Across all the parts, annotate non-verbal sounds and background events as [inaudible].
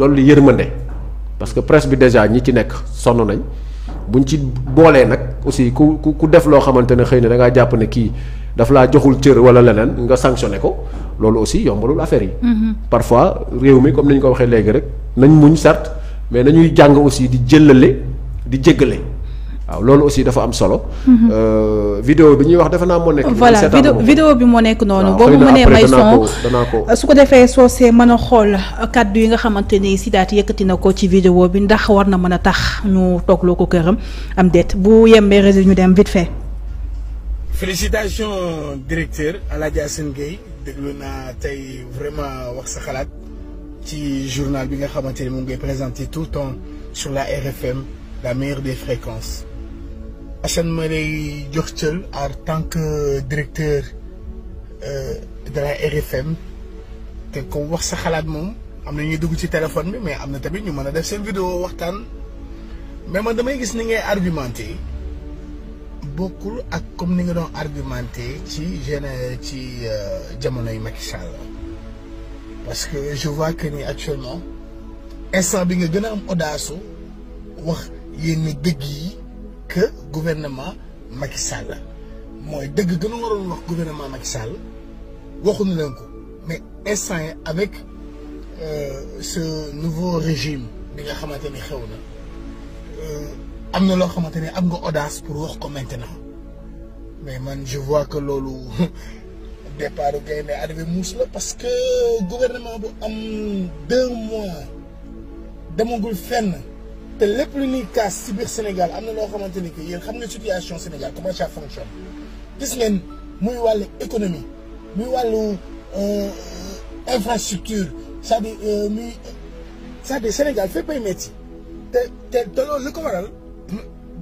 dolli yërmande parce que presse bi déjà ñi ci nekk sonn nañ bu ñu ci boolee nag aussi ku ku ku def loo xamante ne xëy na da ngaa jàpp ne kii daf laa joxul cër wala leneen nga sanctionné ko loolu aussi yombalul affaire yi. Mm-hmm. parfois réew mi comme ni ñu ko waxee léegi rek nañ muñ certes mais nañuy jàng aussi di jëllale di jéggale. waaw loolu aussi dafa am solo. Mhm. Euh, vidéo bi ñuy wax defe naa moo nekk. voilà vidéo bi moo nekk noonu. boobu mu nee may son su ko defee soo see mën a xool kàddu yi nga xamante ni Sidath yëkkati na ko ci video bi ndax war na mën a tax ñu loo ko këram am déet bu yembee réseau ñu dem vite fait. félicitations directeur El Hadj Assane Gueye naa tey vraiment wax sa xalaat ci journal bi nga xamante ni mu ngay présenté tout le temps sur la RFM la meilleure des fréquences. Assane ma jox cël en tant que directeur euh, de la RFM te comme wax sa xalaat moom am na ñuy dugg ci téléphone bi mais am na tamit ñu mën a def seen vidéo waxtaan mais man damay gis ni ngay argumenté bokkul ak comme ni nga doon argumenté ci jeune ci euh, jamonoy Macky Sall parce que je vois nii ni actuellement instant bi nga gën a am audace wax yenn dëgg yi. que gouvernement Macky mooy dëgg gën a waroon wax gouvernement Macky Sall waxuñu leen ko mais instant yi avec euh, ce nouveau régime bi nga xamante ni xew na euh, am na loo xamante ni am nga audace pour wax ko maintenant mais man je vois que loolu [laughs] départ gaynde arrivé muus la parce que gouvernement bu am deux mois demagul fenn. te lépp lu ñuy kaas ci biir Sénégal am na loo xamante ni que yéen xam na situation Sénégal comment ça fonctionne gis ngeen muy wàllu économie muy wàllu euh, infrastructure cest à euh, muy cest à Sénégal fépp ay métti te te loolu li ko waral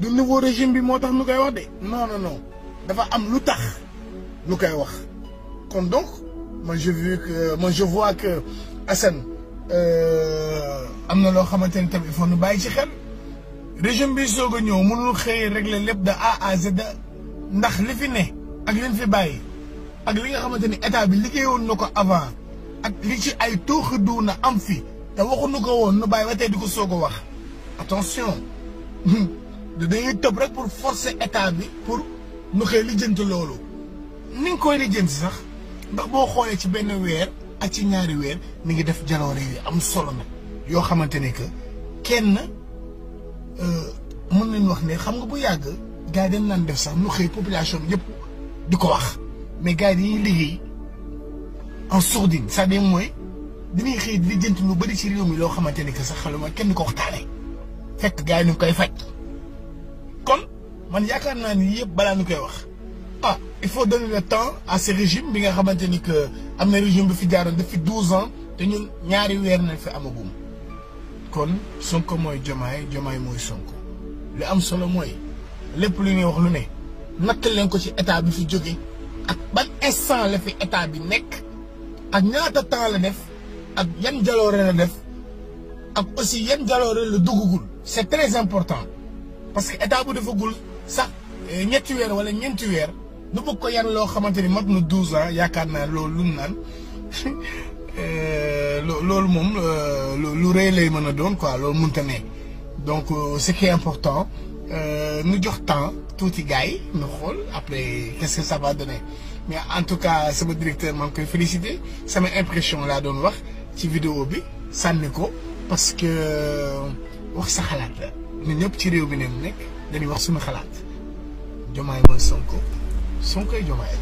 du nouveau régime bi moo tax nu koy wax de non non dafa am lu tax ñu koy wax kon donc man je vu que man je vois que Assane Euh, am na loo xamante ni tam nu bàyyi ci xel régime bi soog a ñëw mënul xëy régler lépp da A à Z ndax li fi ne ak liñ fi bàyyi ak li nga xamante ni état bi liggéeyoon na ko avant ak li ci ay tooxi duuna am fi te waxuñu ko woon nu bàyyi ba di ko soog a wax attention [laughs] dañuy tëb rek pour forcer état bi pour nu xëy lijjanti loolu ni nga koy lijjanti sax ndax boo xoolee ci benn weer ak ci ñaari weer mi ngi def jaloore yu am solo na yoo xamante ne que kenn euh, mën nañu wax ne xam nga bu yàgg gars yi dañ naan def sax lu xëy population bi yëpp di ko wax mais gars yi liggéey en sourdine c'est-à-dire mooy dañuy xëy di jënt lu bëri ci réew mi loo xamante ne que sax xaluma kenn di ko waxtaanee fekk gars yi ñu koy faj kon man yaakaar naa ni yëpp balaa ñu koy wax ah il faut donner le temps à ce régime bi nga xamante ni que. am na régime bi fi jaaroon def fi douze ans te ñun ñaari weer nañ fi amagum kon Sonko mooy Jomaay Jomaay mooy Sonko lu am solo mooy lépp lu ñuy wax lu ne natt leen ko ci état bi fi jóge ak ban instant la fi état bi nekk ak ñaata temps la def ak yan jaloore la def ak aussi yan jaloore la duggagul c'est très important parce que état bu defagul sax eh, ñetti weer wala ñeenti weer nu bëgg ko yan loo xamante ni mat na douze ans yaakaar naa loolu lu mu naan [laughs] euh, loolu moom euh, lu rëy lay mën a doon quoi loolu mënta ne donc euh, ce qui est important nu jox temps tuuti gars yi nu xool après qu'est-ce que ça mais en tout cas sama directeur maa ngi koy féliciter sama impression laa doon wax ci vidéo bi sànni ko parce que wax sa xalaat la ñun ñëpp ci réew mi ne nekk dañuy wax suma xalaat Diomaye mooy ko Sonko ak Diomaye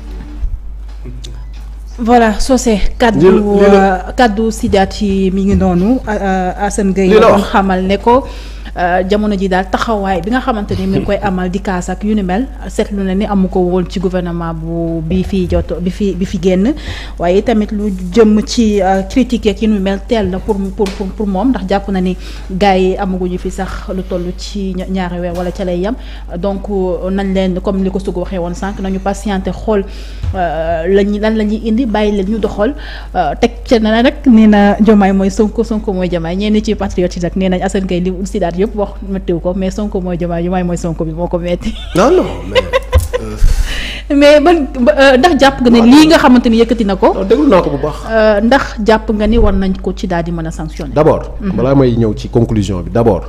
voilà Socé kaddu kaddu sidaat yi mi ngi noonu euh, Assane Gueye xamal ne ko Euh, jamono ji daal taxawaay bi nga xamante ni mi ngi koy amal di kaas ak yu ni mel seetlu na ni amu ko woon ci gouvernement bu bi fi jot bi fi bi fi génn waaye tamit lu jëm ci euh, critique yeeg yu ni mel teel na pour pour pour moom ndax jàpp na ni gars yi amaguñu fi sax lu toll ci ñaari weer wala ca lay yam donc euh, nañ leen comme li ko sugu waxee woon sànq nañu patienté xool lañ lan la ñuy indi bàyyi leen ñu doxal teg ca na nag nee na Diomaye mooy Sonko Sonko mooy Diomaye ñenn ci patriote yi yëpp wax méttiw ko mais Sonko mooy Diomaye Diomaye mooy Sonko bi moo ko metti non non [laughs] euh, euh, ndax jàpp nga ne lii nga xamante ni yëkkati na ko. déglu naa ko bu baax. Euh, ndax jàpp nga ni war nañ ko ci daal di mën a sanctionner. d' abord. Mhm. balaa may ñëw ci conclusion bi d' abord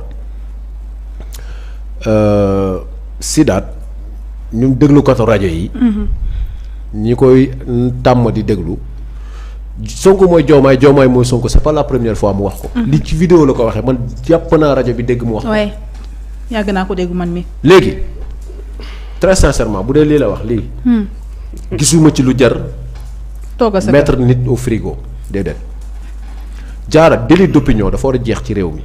Sidaat ñun déglu ko rajo yi. Mhm. ñi koy tàmm di déglu. Sonko mooy Diomaye Diomaye mooy Sonko c'est pas la première fois mu wax ko. Mm-hmm. li ci vidéo la ko waxee man jàpp naa rajo bi dégg mu wax ko. yàgg naa ko dégg man mi. léegi très sincèrement bu dee lii la wax lii. Hmm. gisuma ci lu jar. tooga sa mettre nit au frigo déedéet. jaara délit d'opinion dafa war a jeex ci réew mi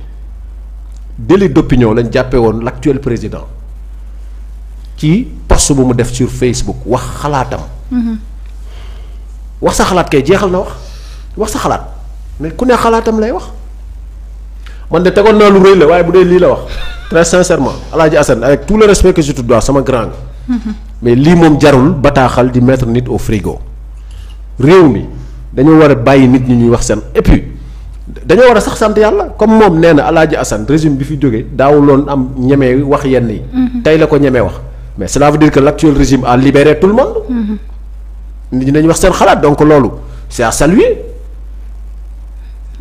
délit d'opinion lañ jàppee woon l'actuel président ci post bu mu def sur Facebook wax xalaatam. Mm-hmm. wax sa xalaat kay jeexal na wax. wax sa xalaat mais ku ne xalaatam lay wax man de tegoon naa lu rëy la waaye bu dee lii la wax très sincèrement Alaaji Assane avec tout le respect que je te sama grand nga mais lii moom jarul bataaxal di mettre nit au frigo réew mi dañoo war a bàyyi nit ñi ñuy wax seen et puis dañoo war a sax sant yàlla comme moom nee na Alaaji Assane régime bi fi jógee daawuloon am ñeme wax yenn yi. tey la ko ñemee wax mais cela veut dire que a libéré tout le monde. Mm-hmm. nit ñi dañuy wax seen xalaat donc loolu c'est à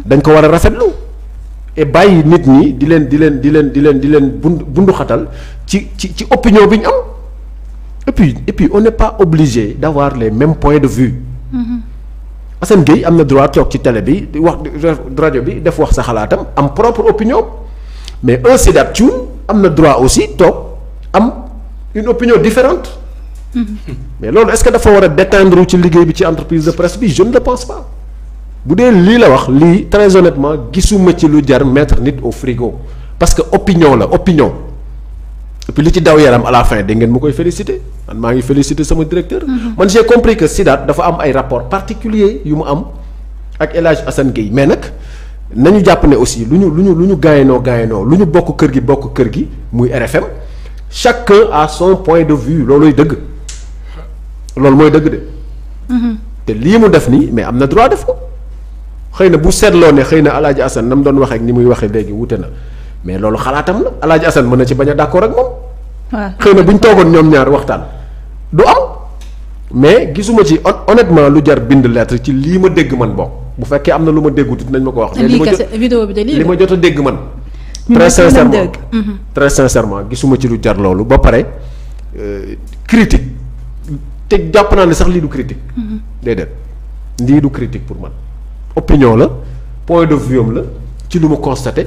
dañ ko war a rafetlu et bàyyi nit ñi di leen di leen di leen di leen di leen bund bunduxatal ci ci ci opinion bi ñu am et puis et puis on n'est pas obligé d'avoir les mêmes de vue mm-hmm. Assane Gueye am na droit toog ci télé bi di wax rajo bi def wax sa xalaatam am propre opinion mais un Sidath Thioune am na droit aussi toog am une opinion différente mm-hmm. mais loolu est-ce que dafa war a déteindre ci liggéey bi ci entreprise de presse bi je ne le bu dee lii la wax lii très honnêtement gisuma ci lu jar mettre nit au frigo parce que opinion la opinion et puis li ci daw yaram à la fin da ngeen ma koy féliciter man maa ngi féliciter sama directeur. Mm-hmm. man j'ai compris que Sidaat dafa am ay rapports particuliers yu mu am ak El Hadj Assane mais nag nañu jàpp ne aussi lu ñu lu ñu lu ñu gaañoo gaañoo lu ñu bokk kër gi bokk kër gi muy RFM chacun a son point de vue looluy dëgg loolu mooy dëgg de. Mm-hmm. te lii mu def nii mais am na droit def ko. xëy na bu seetloo ne xëy na El Hadj Assane na mu doon waxee ni muy waxee léegi wute na mais loolu xalaatam la El Hadj Assane mën na ci bañ a d'accord ak moom. xëy na bu ñu toogoon ñoom ñaari waxtaan du am. mais gisuma ci honnêtement lu jar bind lettre ci lii ma dégg man bokk bu fekkee am na lu ma déggut nañ ma ko wax. li ma jot vidéo lii li ma jot a dégg man. très sincèrement mhm. très sincèrement gisuma ci lu jar loolu ba pare euh, critique te jàpp naa ne sax lii du critique. Mhm. déedéet lii du critique pour man. opinion la point de vue am la ci lu mu constaté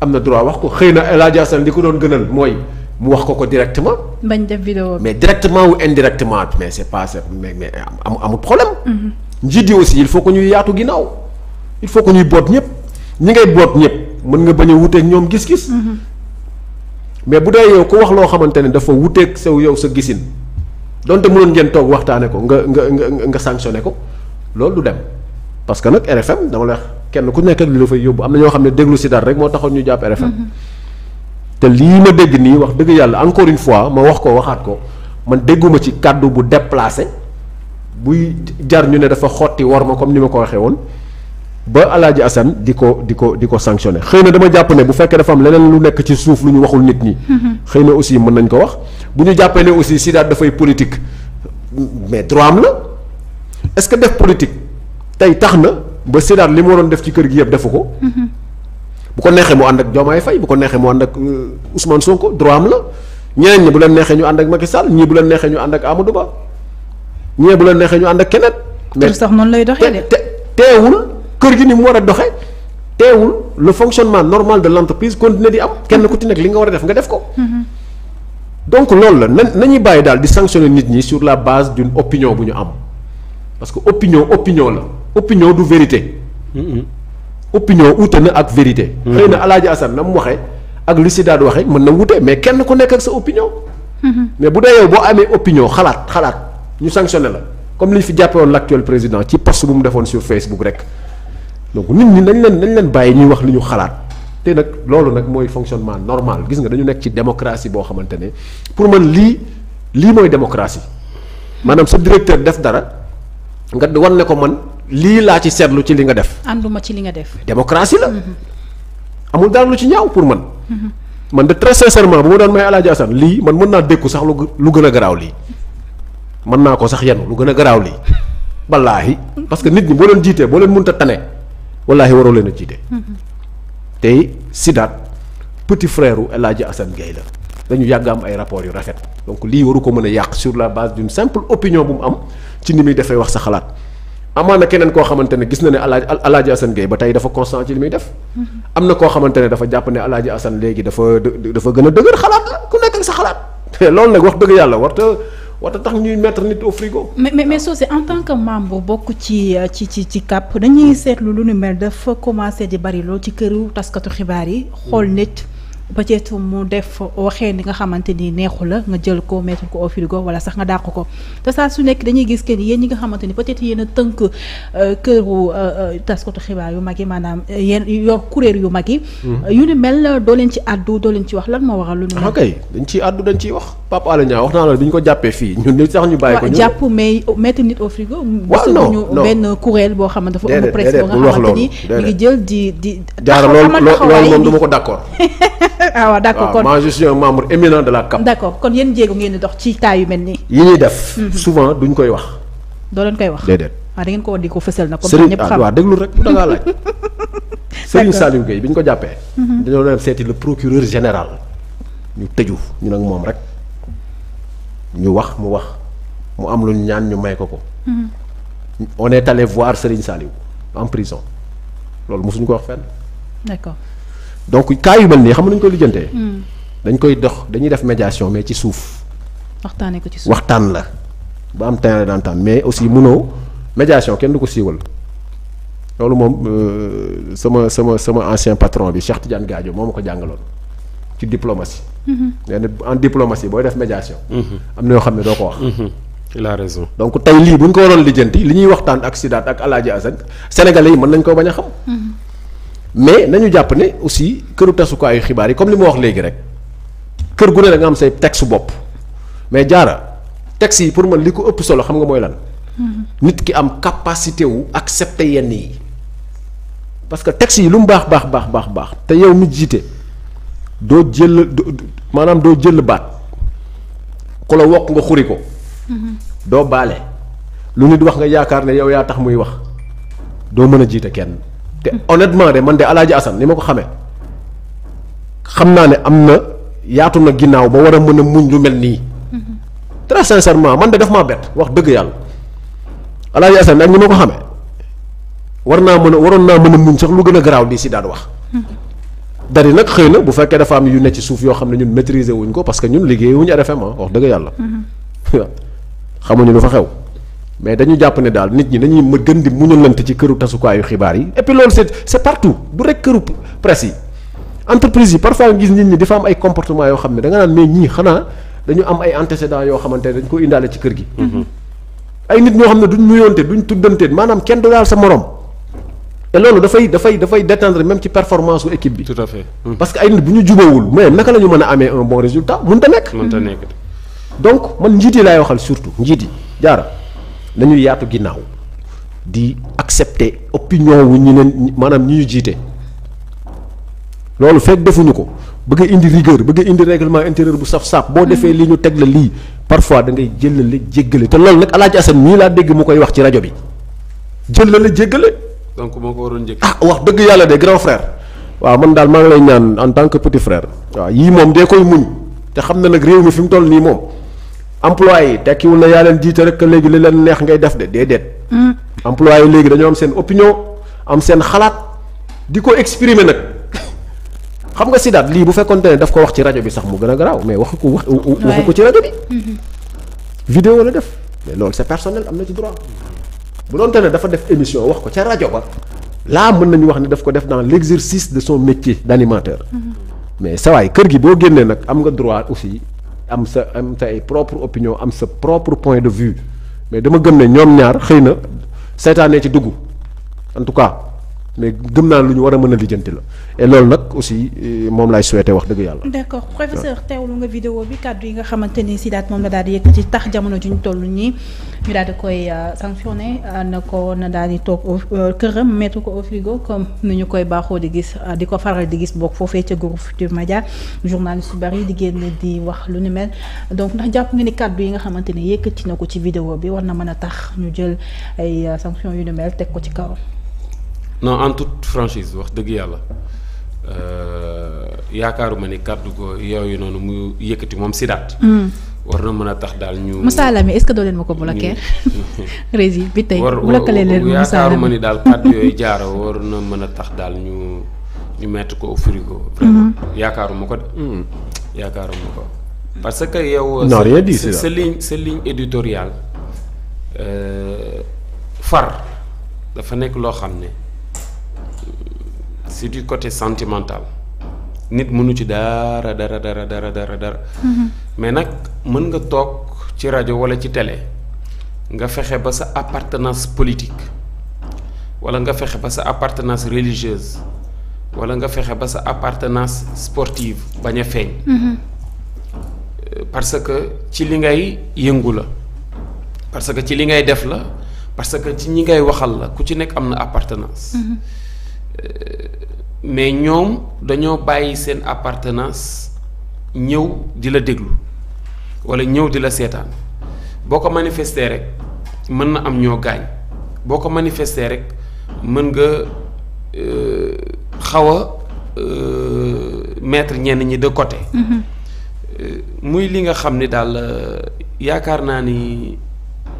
am na droit wax ko xëy na El Hadj Assane li ko doon gënal mooy mu wax ko ko directement. bañ def vidéo mais directement ou indirectement mais c'est pas mais mais am amul problème. Mhm. njiit yi aussi il faut que ñuy yaatu ginnaaw il faut que ñuy boot ñëpp ñi ngay boot ñëpp mën nga bañ a wuteeg ñoom gis-gis. Mhm. mais bu dee yow ko wax loo xamante ne dafa wuteeg saw yow sa gisin donte mu mënoon ngeen toog waxtaane ko nga nga nga nga sanctionné ko loolu du dem. parce que nag RFM dama la wax kenn ku nekk ak li la fay yóbbu am na ñoo xam ne déglu si dara rek moo taxoon ñu jàpp RFM. te lii ma dégg nii wax dëgg yàlla encore une fois ma wax ko waxaat ko man dégguma ci kàddu bu déplacé buy jar ñu ne dafa xotti war ma comme ni ma ko waxee woon ba Alaaji Assane di ko di ko di ko sanctionné xëy na dama jàpp ne bu fekkee dafa am leneen lu nekk ci suuf lu ñu waxul nit ñi. xëy na aussi mën nañ ko wax bu ñu jàppee ne aussi Sidaat dafay politique mais droit am la est-ce que def politique. tey tax na ba Sédar li mu waroon def ci kër gi yëpp defu ko. Mhm. bu ko neexee mu ànd ak Diomaye Faye bu ko neexee mu ànd ak euh, Ousmane Sonko droit am la ñeneen ñi bu leen neexee ñu ànd ak Macky Sall ñii bu leen neexee ñu ànd ak Amadou Ba ñii bu leen neexee ñu ànd ak keneen. mais sax noonu de. te teewul kër gi ni mu war doxee teewul le fonctionnement normal de l'entreprise continue di am kenn ku ci nekk li nga war a def nga def ko. Mhm. donc loolu la na nañu bàyyi daal di sanctionner nit ñi sur la base du opinion bu ñu am parce que opinion opinion la. opinion du vérité. opinion wuute na ak vérité. xëy na El mm-hmm. Hadj Assane na mu waxee ak li si daan waxee mën na wute mais kenn ku nekk ak sa opinion. Mm-hmm. mais bu dee yow boo amee opinion xalaat xalaat ñu sanctionné la comme li ñu fi jàppee woon l' actuel président ci post bu mu defoon sur Facebook rek donc nit ñi nañ leen nañ leen bàyyi ñuy wax li ñu xalaat te nag loolu nag mooy fonctionnement normal gis nga dañu nekk ci démocratie boo xamante ne pour man lii lii mooy démocratie maanaam sa directeur def dara nga wan ne ko man. lii laa ci seetlu ci li nga def. ànduma ci li nga def. démocratie la. Mm-hmm. amul dara lu ci ñaaw pour man. Mm-hmm. man de très sincèrement bu ma doon may El Hadj lii man mën naa dékku sax lu lu gën a garaaw lii mën naa ko sax yenn lu gën a garaaw lii wallaahi parce que nit ñi boo leen jiitee boo leen mënta tane wallaahi waru leen a jiite. Mm-hmm. tey Sidaat petit frère u El Hadj Assane Gueye la dañu yàgg am ay rapports yu rafet donc lii waru ko mën a yàq sur la base du simple opinion bu mu am ci ni muy defee wax sa xalaat. amaana keneen koo xamante ne gis na ne alaaj alaaji Assane Gueye ba tey dafa constant ci li muy def mm-hmm. am na koo xamante ne dafa jàpp ne alaaji Assane léegi dafa dafa gën a dëgër xalaat la ku nekk ak sa xalaat [laughs] loolu nag wax dëgg yàlla warta warta tax ñuy mettre nit au frigo mais mais mais ah. Socé en tant que bu bokk ci ci ci ci CAP dañuy mm. seetlu lu nu mel dafa commencé di bari lool ci këru taskatu xibaar yi xool mm. nit peut-être mu def waxee ni nga xamante ni neexu la nga jël ko mettre ko au frigo wala sax nga dàq ko te saa su nekk dañuy gis que ni yéen ñi nga xamante ni peut-être yéen a tënk euh, këru euh, euh, taskatu xibaar yu mag yi maanaam yéen yor kuréel yu mag yi. Mm-hmm. yu ni mel doo leen ci àddu doo leen ci wax lan moo waral. lu ni mel ah, kay dañ ciy àddu dañ ciy wax Pape Alé Niang wax naa la bi ñu ko jàppee fii ñun li tax ñu bàyyi ko. jàpp mais mettre nit au frigo. waaw non benn kuréel boo xam ne dafa ëmb presse boo jël di di. jaara loolu loolu moom du ma ko d'accord [laughs] ah, ah waaw d' accord kon moi je éminent de la CAP. d' accord kon yéen jéego ngeen di dox ci taay mel nii. yi ñuy def. Mhm. souvent duñ koy wax. doo leen koy wax déedéet. waaw ah, da ngeen ko war di ko fësal nag. comme ñëpp xam ah, waaw déglu [laughs] ko jàppee. Mhm. dañoo doon seeti le procureur ñu tëju ñu nag ñu wax mu wax mu am lu ñaan ñu may ko ko. Mhm. on est allé voir Serigne Saliou en prison loolu mosuñu ko wax fenn. d' donc cas yu mel nii xam nañu ko lijjantee. Hmm. dañ koy dox dañuy def médiation mais ci suuf. waxtaanee ko ci suuf waxtaan la ba am terrain d'entente mais aussi munoo médiation kenn du ko siiwal. loolu moom euh, sama sama sama ancien patron bi Cheikh Tidiane Gadio moo ma ko jàngaloon ci diplomatie. Mm-hmm. nee na en diplomatie booy def médiation. Mm-hmm. am na yoo xam ne doo ko wax. Mm-hmm. il a raison donc tey lii bu ko waroon lijjanti li ñuy waxtaan ak Sidaat ak El Hadji Assane yi mën nañ koo bañ a xam. mais nañu jàpp ne aussi këru tasukaayu xibaar yi comme li ma wax léegi rek kër gu ne da nga am say texte bopp mais jaara texte yi pour man li ko ëpp solo xam nga mooy lan. Mm-hmm. nit ki am capacité wu accepter yenn yi parce que texte yi lu mu baax baax baax baax baax te yow mi jiite doo jël maanaam doo jël baat ku la wokk nga xuri ko. Mm-hmm. doo baale lu nit wax nga yaakaar ne yow yaa tax muy wax doo mën a jiite kenn. te honnêtement de man de Alaaji Assane li ma ko xamee xam naa ne am na yaatu na ginnaaw ba war a mën a muñ lu mel nii très sincèrement man de daf maa bett wax dëgg yàlla Alaaji Assane ak ni ma ko xamee war naa mën a waroon naa mën a muñ sax lu gën a garaaw lii si daan wax dari nag xëy na bu fekkee dafa am yu ne ci suuf yoo xam ne ñun maîtriser wuñ ko parce que ñun liggéey wuñu RFM ah, wax dëgg yàlla mm-hmm. [laughs] xamuñu lu fa xew mais dañu jàpp ne daal nit ñi dañuy ma gën di muñalante ci këru tasukaayu xibaar yi et puis loolu c'est c'est partout du rek këru presse yi entreprise yi parfois gis nit ñi dafa am ay comportement yoo xam ne danga nga naan mais ñii xanaa dañu am ay antécédents yoo xamante ne dañ ko indaale ci kër gi mm-hmm. ay nit ñoo xam ne duñ nuyoonte duñu tuddante maanaam kenn du daal sa morom te loolu dafay dafay dafay détendre même ci performance su équipe bi. tout à fait mm. parce que ay bu ñu jubawul mais naka la ñu mën a amee un bon résultat mënta nekk. mënta nekk man njiit laay waxal surtout njiit yi nañu yaatu ginnaaw di accepter opinion wu ñu neen maanaam ñi ñu jiite loolu fekk defuñu ko bëgg a indi rigueur bëgg a indi règlement intérieur bu saf saaf boo defee li ñu teg la lii parfois da ngay la jéggale te loolu nag Alaaji Asan mii laa dégg mu koy wax ci rajo bi jëlale jéggale. donc moo ko waroon njëkk ah wax dëgg yàlla de grand frère. waaw man daal maa ngi lay ñaan en tant que petit frère. waa yii moom dee koy muñ te xam na nag réew mi fi mu toll nii moom. employé yi tekkiwul na yaa leen jiite rek léegi li leen neex ngay def de déedéet. Hmm. employé yi léegi dañoo am seen opinion am seen xalaat di ko exprimer nag xam nga Sidaat lii bu fekkonte ne daf ko wax ci rajo bi sax mu gën a garaaw waxu ko wax ko ci mm-hmm. vidéo la def mais loolu c'est personnel am na ci droit bu doonte ne dafa def émission wax ko ca rajo ba laa mën nañu wax ne daf ko def dans l'exercice de son métier d'animateur. Mm-hmm. mais sawaay kër gi boo génnee nag am nga droit aussi. am sa am sa ay propre opinion am sa propre point de vue mais dama gëm ne ñoom ñaar xëy na seetaanee ci dugg en tout cas mais gëm naa lu ñu war a mën a lijjanti la et loolu nag aussi euh, moom laay souhaité wax dëgg yàlla. d' accord professeur teewlu nga vidéo bi kàddu yi nga xamante ni Sidaat moom la daal di yëkkati tax jamono ju ñu toll nii ñu daal di koy euh, sanctionné na ko na daal di toog euh, këram mettre ko au frigo comme ni ñu koy baaxoo di gis di ko faral di gis boog foofee ca groupe Futurs Médias journaliste yu bari di génn di wax lu ni mel donc ndax jàpp nga ni kàddu yi nga xamante ni yëkkati na ko ci vidéo bi war na mën a tax ñu jël ay sanctions yu ni mel teg ko ci kawam. non en toute franchise wax dëgg yàlla euh, yaakaaruma ni kàddu ko yooyu noonu mu yëkkati moom Sidaat. Hmm. war na mën a tax daal ñu. Moussa Lamy est-ce que doo leen ma ko bloquer. [laughs] rési bi tey bloquer leen Moussa Lamy yaakaaruma ni daal kàddu yooyu jaara war na mën a tax daal ñu ñu mettre ko au frigo. vraiment hmm. yaakaaruma ko de. Hmm. yaakaaruma ko parce que yow. non rien dit sa euh, far dafa nekk loo xam ne. c'est côté sentimental nit mënu ci dara dara dara dara dara dara mm-hmm. mais nag mën nga toog ci rajo wala ci télé nga fexe ba sa appartenance politique wala nga fexe ba sa appartenance religieuse wala nga fexe ba sa apartenance sportive bañ a feeñ mm-hmm. euh, parce que ci li ngay yëngu la parce que ci li ngay def la parce que ci ñi ngay waxal la ku ci nekk am na appartenance mm-hmm. mais ñoom dañoo bàyyi seen apartenance ñëw di la déglu walla ñëw di la seetaan boo ko manifester rek mën na am ñoo gaañ boo ko manifester rek mën nga euh, xaw a euh, mettre ñenn ñi de côté. Mm-hmm. Euh, muy li nga xam ni daal yaakaar naa ni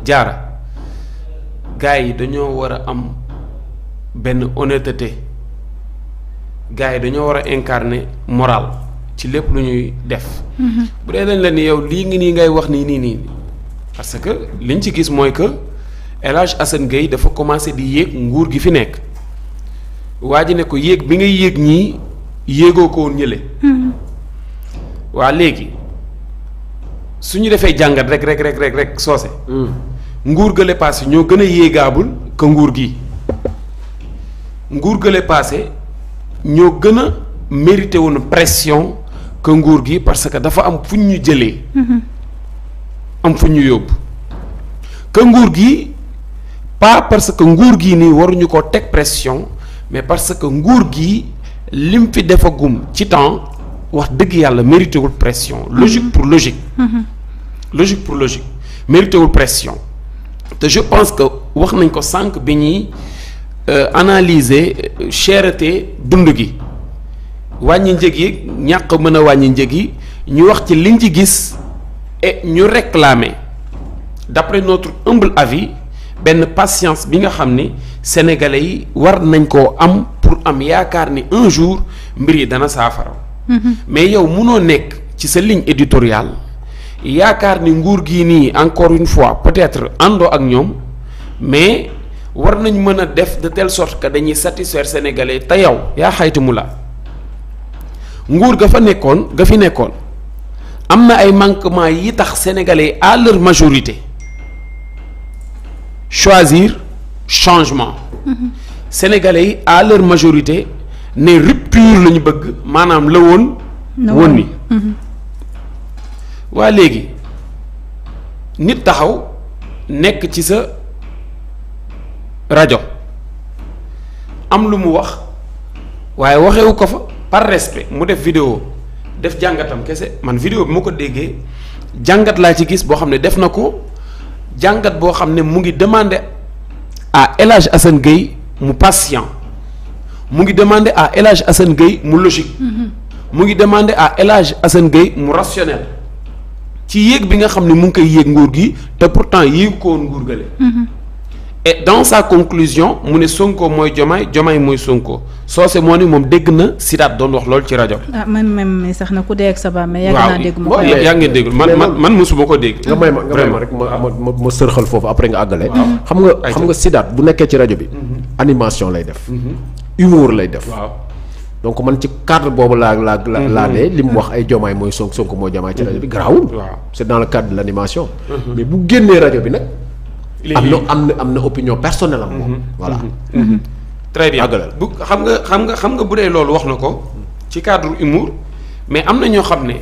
jaara gars yi dañoo war a am. benn honnêteté gars yi dañoo war a incarner moral ci lépp lu ñuy def. Mhm. bu dee dañ la ni yow lii ngi nii ngay wax nii nii nii parce que liñ ci gis mooy que El Hadj Assane dafa commencé di yéeg nguur gi fi nekk waa ji ne ko yéeg bi ngay yéeg ñii yéegoo ko woon ñële. Mhm. waa léegi su ñu defee jàngat rek rek rek rek rek soose. Mhm. nguur ga gële paase ñoo gën a yéegaabul que nguur gi. nguur gële passé ñoo gën a mérité woon pression que nguur gi parce que dafa am fuñ ñu jëlee mm-hmm. am fuñ ñu yóbbu que nguur gi pas parce que nguur gi nii waruñu ko teg pression mais parce que nguur gi lim fi defagum ci temps wax dëgg yàlla mérité wul pression mm-hmm. logique pour logique mm-hmm. logique pour logique mérité pression te je pense que wax nañ ko sànq bi ñuy Euh, analyser euh, cherté dund gi wàññi njëg yi ñàkk mën a wàññi njëg yi ñu wax ci liñ ci gis ñu réclamer d'après notre humble avis benn patience bi nga xam ni sénégalais yi war nañ koo am pour am yaakaar ni un jour mbir yi dana saafara. Mhm. mais yow munoo nekk ci sa ligne éditoriale yaakaar ni nguur gi nii encore une fois peut-être àndoo ak ñoom mais. war nañ mën a def de telle sorte que dañuy satisfaire sénégalais te yow yaa xaytu mu la nguur ga fa nekkoon ga fi nekkoon am na ay manquements yi tax sénégalais à leur majorité choisir changement mmh. sénégalais yi à majorité ne rupture la ñu bëgg maanaam la woon woon wi mm-hmm. waa léegi nit taxaw nekk ci sa rajo am lu mu wax waaye waxewu ko fa par respect mu def vidéo def jàngatam kese man vidéo bi ma ko déggee jàngat laa ci gis boo xam ne def na ko jàngat boo xam ne mu ngi demander à élage Hadj Assane mu patient mu ngi demander à El Hadj Assane Gueye mu logique mhm. ngi demander à El Hadj Assane mu rationnel ci yéeg bi nga xam ne mu ngi koy yéeg nguur gi te pourtant yéegu ko woon nguur gale mhm. et dans sa conclusion mu ne Sonko mooy Jomaay Jomaay mooy Sonko Socé moo ni moom dégg na Sidaat doon wax loolu ci rajo. ah man même sax na ku sa baa mais yàgg naa dégg ma man man man ma ko dégg. nga may ma nga may ma rek ma ma sërxal foofu après nga àggale. xam nga xam nga Sidaat bu nekkee ci rajo bi. Mhm. animation lay def. Mhm. humour lay def. donc man ci cadre boobu laa laa laa mhm. ne li mu wax ay jomaay mooy Sonko Sonko mooy jomaay ci rajo bi garaawul. waaw c'est dans le cadre de l'animation. mais bu génnee rajo bi nag. am na am na am na opinion personnelle am mhm. moom voilà mhm. Mhm. très bien bu xam nga xam nga xam nga bu dee loolu wax na ko ci cadre humour mais am na ñoo xam ne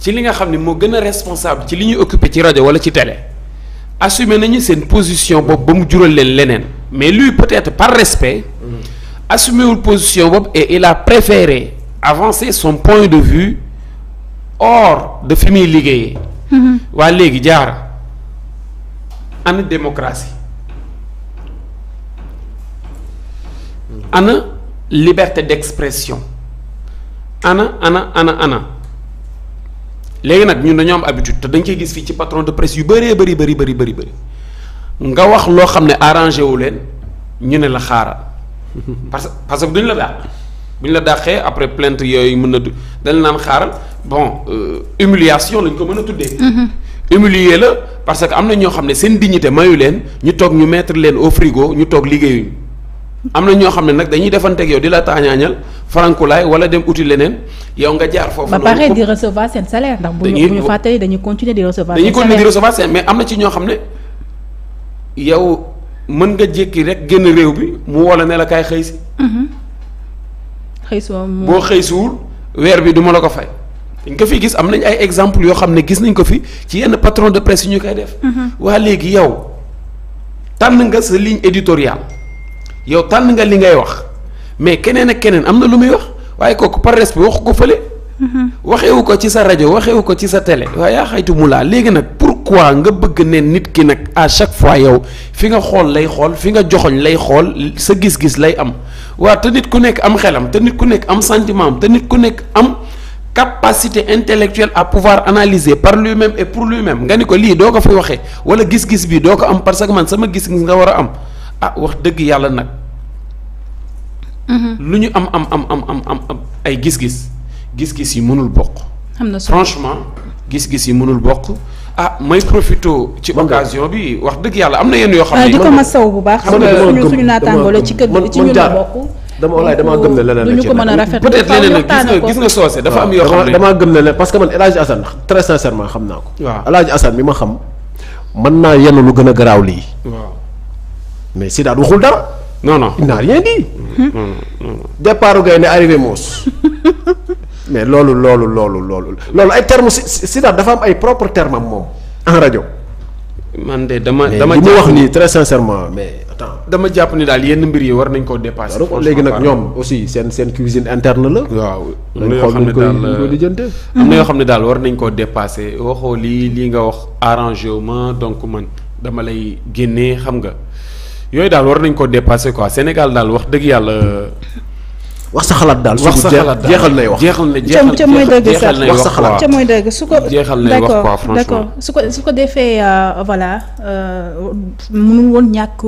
ci li nga xam ne moo gën a responsable ci li ñuy occupé ci rajo wala ci télé assumer nañu seen position boobu ba mu jural leen leneen mais lui peut-être par respect assumer wul position boobu et il a préféré avancer son point de vue or de muy liggéeyee waa léegi jaara ana démocratie ana liberté d'expression ana ana ana ana léegi nag ñun dañoo am habitude te dañ koy gis fii ci patron de presse yu bëree bëri bëri bëri bëri bëri nga wax loo xam ne arrangé wu leen ñu ne la xaaral parce parce que duñ la dàq buñ la dàqee après plainte yooyu mën na du dañ naan xaaral bon euh, humiliation lañ ko mën a tuddee. Mm-hmm. humilier la parce que am na ñoo xam ne seen dignité mayu leen ñu toog ñu mettre leen au frigo ñu toog liggéeyuñ am na ñoo xam ne nag dañuy defanteeg yow di la taañaañal farankulaay wala dem uti leneen yow nga jaar foofu. ba pare di recevoir seen salaire ndax. bu ñu bu ñu fàttali dañuy continuer di recevoir. dañuy continuer di recevoir seen mais am na ci ñoo xam ne yow mën nga jékki rek génn réew bi mu woo la ne la kaay xëy si. Mhm. xëy si boo xëy si wul weer bi du ma la ko fay. dañ ko fi gis am nañ ay exemple yoo xam ne gis nañ ko fi ci yenn patron de presse yu ñu koy def. Mm-hmm. waa léegi yow tànn nga sa ligne éditoriale yow tànn nga li ngay wax mais keneen ak keneen am na lu muy wax waaye kooku par respect waxu ko fële. Mm-hmm. waxewu ko ci sa rajo waxewu ko ci sa tele waaye yaa xaytu mu laa léegi nag pourquoi nga bëgg ne nit ki nag à chaque fois yow fi nga xool lay xool fi nga joxoñ lay xool sa gis-gis lay am waa te nit ku nekk am xelam te ku nekk am sentiment am te ku nekk am. capacité intellectuelle à pouvoir analyser par lui-même et pour lui-même nga ni ko lii doo ko fi waxee wala gis-gis bi doo ko am parce que man sama gis-gis nga war a am ah, wax dëgg yàlla nag. Mhm. lu ñu am am am am am am ay gis-gis gis-gis yi mënul boq am na franchement gis-gis yi mënul bokk. ah may profito ci occasion bi wax dëgg yàlla am na yenn yoo. xam ah, ne di ko ma saw bu baax. suñu suñu naataangoo la ci kër ci ñu la bokk. dama walaay damaa gëm ne leneen la ci nekk peut-être leneen la gis nga soose dafa am yoo xam ne damaa gëm ne leneen parce que man El Hadj Assane très sincèrement xam naa ko. waaw El Hadj Assane mi ma xam mën naa yenn lu gën a garaaw lii. waaw mais Sidaat waxul dara. non non il n'a rien dit. départ gay ne arrivé moos. [laughs] mais loolu loolu loolu loolu loolu ay termes si Sidaat dafa am ay propre termes am moom en rajo. man de dama dama. li mu wax nii très sincèrement mais. dama jàpp ni daal yenn mbir yi war nañ koo dépasser. léegi nag ñoom aussi seen seen cuisine interne la. waaw am na yoo xam ne daal am na yoo xam ne daal war nañ koo dépasser waxoo lii lii nga wax arrangé wu ma donc man dama lay génnee xam nga yooyu daal war nañ koo dépasser quoi Sénégal daal wax dëgg yàlla. wax sa xalaat daal. wax sa xalaat daal jeexal nay wax. jeexal na jeexal ca mooy dëgg sax wax sa mooy dëgg su ko. jeexal nay wax quoi franchement d'accord su ko su ko defee euh, voilà euh, mënu woon ñàkk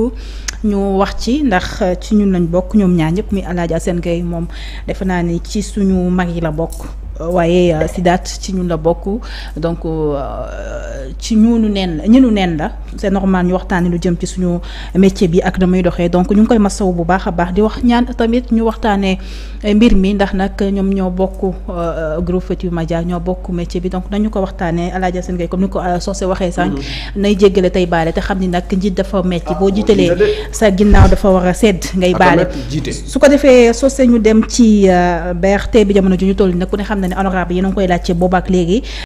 ñu wax ci ndax euh, ci ñun nañ bokk ñoom ñaar ñëpp mi El Hadj Assane Gueye moom defe naa ni ci suñu mag yi la bokk. Euh, waaye euh, Sidaat ci ñun la bokk donc euh, ci ñunu neen ñunu neen la c'est normal ñu waxtaanee lu jëm ci suñu métier bi ak damay doxee donc ñu ngi koy masaw bu baax a baax di wax ñaan tamit ñu waxtaanee mbir mi ndax nag ñoom ñoo bokk groupe Futurs Médias ñoo bokk métier bi donc nañu ko waxtaanee El Hadj Assane comme ni ko soo Socé waxee sànq. Mm-hmm. nay jéggale tey baale te xam ni nag njiit dafa metti boo ah, jiitalee sa ginnaaw dafa war a sedd ngay baale su ko defee Socé ñu ñu toll xam na ne honorable yéen a ngi koy laajte boobaak léegi